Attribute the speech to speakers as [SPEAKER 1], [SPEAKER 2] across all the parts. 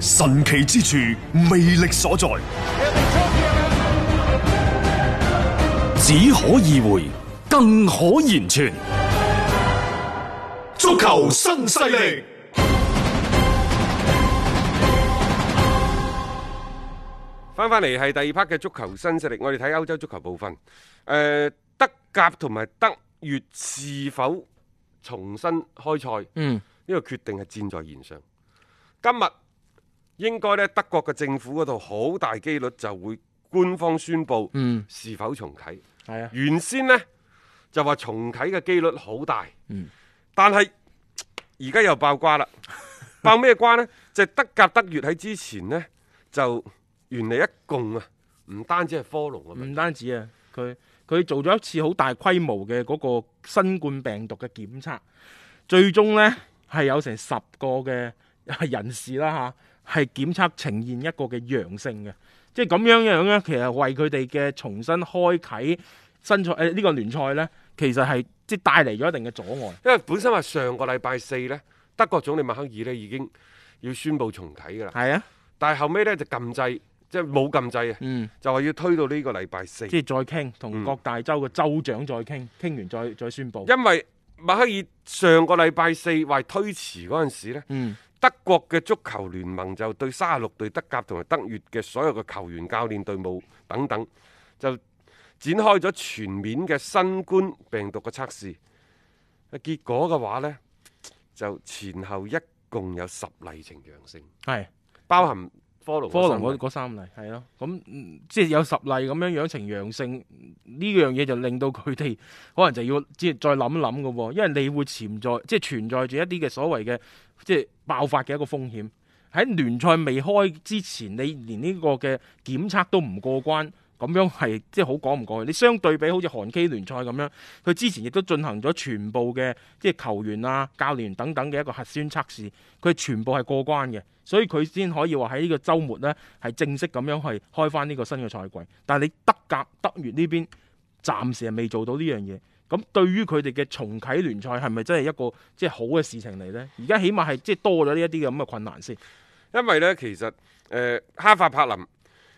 [SPEAKER 1] 神奇之處，魅力所在，只可意會，更可言傳。足球新勢力，
[SPEAKER 2] 翻翻嚟係第二 part 嘅足球新勢力。我哋睇歐洲足球部分，誒、呃，德甲同埋德乙是否重新開賽？嗯，呢個決定係箭在弦上，今日。應該咧，德國嘅政府嗰度好大機率就會官方宣布是否重啟。係、嗯、啊，原先咧就話重啟嘅機率好大，嗯、但係而家又爆瓜啦。 爆咩瓜咧？就係、德甲德乙喺之前咧，就原嚟一共啊，唔
[SPEAKER 1] 單止係科隆啊，唔單止啊，佢佢做咗一次好大規模嘅嗰個新冠病毒嘅檢測，最終咧係有成十個嘅人士啦，嚇。係檢測呈現一個嘅陽性嘅，即係咁樣樣咧，其實為佢哋嘅重新開啓新賽誒、呃這個、呢個聯賽咧，其實係即係帶嚟咗一定嘅阻礙。因為本身話上個禮拜四咧，德國總理默
[SPEAKER 2] 克爾咧已經要宣布重啟噶啦。係啊，但係後尾咧就禁制，即係冇禁制啊，嗯、就係要推到呢個禮拜四。即係
[SPEAKER 1] 再傾同各大州嘅州長再傾，傾、嗯、完再再宣布。
[SPEAKER 2] 因為默克爾上個禮拜四話推遲嗰陣時咧。嗯嗯德國嘅足球聯盟就對三十六隊德甲同埋德乙嘅所有嘅球員、教練、隊伍等等，就展開咗全面嘅新冠病毒嘅測試。啊，結果嘅話呢，就前後一共有十例呈陽性，
[SPEAKER 1] 係是包含 follow 嗰嗰三例，係咯，咁、嗯、即係有十例咁樣樣呈陽性，呢樣嘢就令到佢哋可能就要即係再諗一諗嘅喎，因為你會潛在即係存在住一啲嘅所謂嘅即係爆發嘅一個風險。喺聯賽未開之前，你連呢個嘅檢測都唔過關。咁樣係即係好講唔過去。你相對比好似韓 K 聯賽咁樣，佢之前亦都進行咗全部嘅即係球員啊、教練員等等嘅一個核酸測試，佢全部係過關嘅，所以佢先可以話喺呢個周末呢係正式咁樣係開翻呢個新嘅賽季。但係你德甲、德乙呢邊暫時係未做到呢樣嘢，咁對於佢哋嘅重啟聯賽係咪真係一個即係好嘅事情嚟呢？而家起碼係即係多咗呢一啲嘅咁嘅困難先。
[SPEAKER 2] 因為呢其實誒、呃、哈法柏林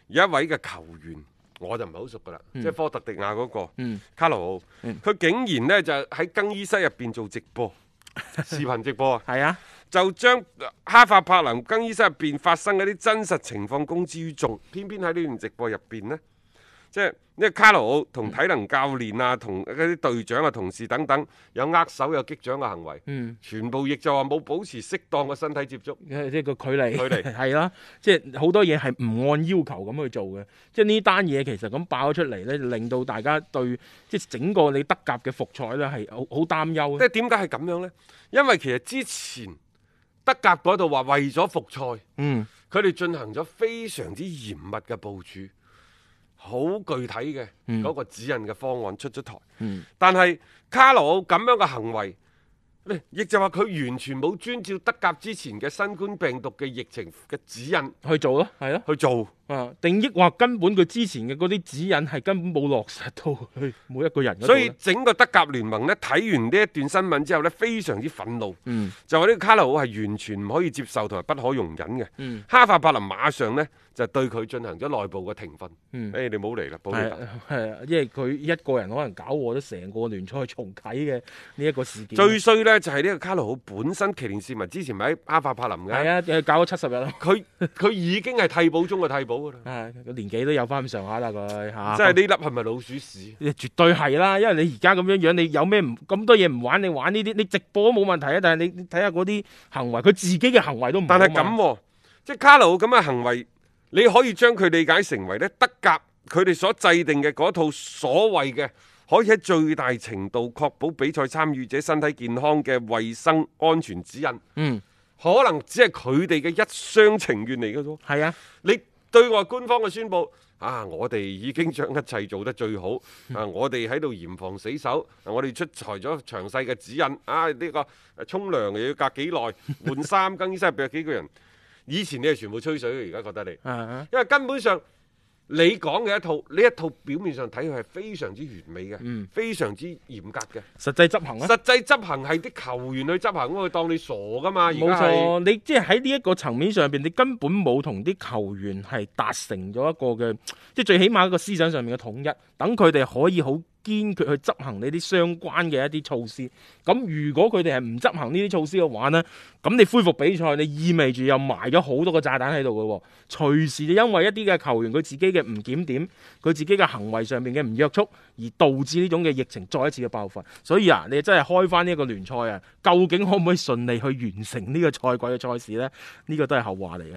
[SPEAKER 2] 有一位嘅球員。我就唔係好熟噶啦。嗯、即係科特迪亞嗰、那個、嗯、卡洛，佢、嗯、竟然呢就喺更衣室入邊做直播，視頻直播啊， 就將哈法柏林更衣室入邊發生嗰啲真實情況公之於眾，偏偏喺呢段直播入邊呢。即係呢個卡羅同體能教練啊，同嗰啲隊長啊、同事等等，有握手、有擊掌嘅行為，嗯，全部亦就話冇保持適當嘅身體接觸，嗯，
[SPEAKER 1] 即係個距離，距離係啦，即係好多嘢係唔按要求咁去做嘅。即係呢單嘢其實咁爆咗出嚟咧，令到大家對即係整個你德甲嘅復賽咧係好好擔憂。即係點解係咁樣咧？因為其實之前德甲嗰度話為
[SPEAKER 2] 咗復賽，嗯，佢哋進行咗非常之嚴密嘅部署。好具體嘅嗰、嗯、個指引嘅方案出咗台，嗯、但係卡勞咁樣嘅行為，亦就話佢完全冇遵照德甲之前嘅新冠病毒嘅疫情嘅指引
[SPEAKER 1] 去做咯，係咯、啊，去做，啊、定抑或根本佢之前嘅嗰啲指引係根本冇落實到去，每一個人。所以
[SPEAKER 2] 整個德甲聯盟呢，睇完呢一段新聞之後呢，非常之憤怒，嗯、就話呢卡勞係完全唔可以接受同埋不可容忍嘅。嗯、哈法柏林馬上呢。就對佢進行咗內部嘅停訓。嗯，誒、哎、你冇嚟啦，保利特。
[SPEAKER 1] 啊，啊，因為佢一個人可能搞我咗成個聯賽重啟嘅呢一個事件。最衰
[SPEAKER 2] 咧就係呢個卡路，本身騎連市民之前咪喺阿法柏林嘅。係啊，
[SPEAKER 1] 又搞咗七十日啦。佢 佢已經係替補中嘅替補噶啦。啊、年紀都有翻咁上下啦，佢嚇。即係呢粒
[SPEAKER 2] 係咪老鼠屎？
[SPEAKER 1] 啊、絕對係啦，因為你而家咁樣樣，你有咩唔咁多嘢唔玩？你玩呢啲，你直播都冇問題啊。但係你睇下嗰啲行為，佢自己嘅行為都唔。但係咁、
[SPEAKER 2] 啊，即係卡路咁嘅行為。你可以將佢理解成為咧德甲佢哋所制定嘅嗰套所謂嘅，可以喺最大程度確保比賽參與者身體健康嘅衛生安全指引。嗯，可能只係佢哋嘅一廂情願嚟嘅啫。係啊，你對外官方嘅宣佈啊，我哋已經將一切做得最好、嗯、啊，我哋喺度嚴防死守，我哋出財咗詳細嘅指引啊，呢、這個沖涼又要隔幾耐，換衫更衣室入邊有幾個人。以前你係全部吹水，而家覺得你，因為根本上你講嘅一套，呢一套表面上睇佢係非常之完美嘅，嗯、非常之嚴格嘅，
[SPEAKER 1] 實際執行啊，實
[SPEAKER 2] 際執行係啲球員去執行，佢當你傻噶嘛，冇錯，
[SPEAKER 1] 你即係喺呢一個層面上邊，你根本冇同啲球員係達成咗一個嘅，即係最起碼一個思想上面嘅統一，等佢哋可以好。堅決去執行呢啲相關嘅一啲措施。咁如果佢哋係唔執行呢啲措施嘅話咧，咁你恢復比賽，你意味住又埋咗好多個炸彈喺度嘅，隨時就因為一啲嘅球員佢自己嘅唔檢點，佢自己嘅行為上面嘅唔約束，而導致呢種嘅疫情再一次嘅爆發。所以啊，你真係開翻呢一個聯賽啊，究竟可唔可以順利去完成呢個賽季嘅賽事呢？呢個都係後話嚟嘅。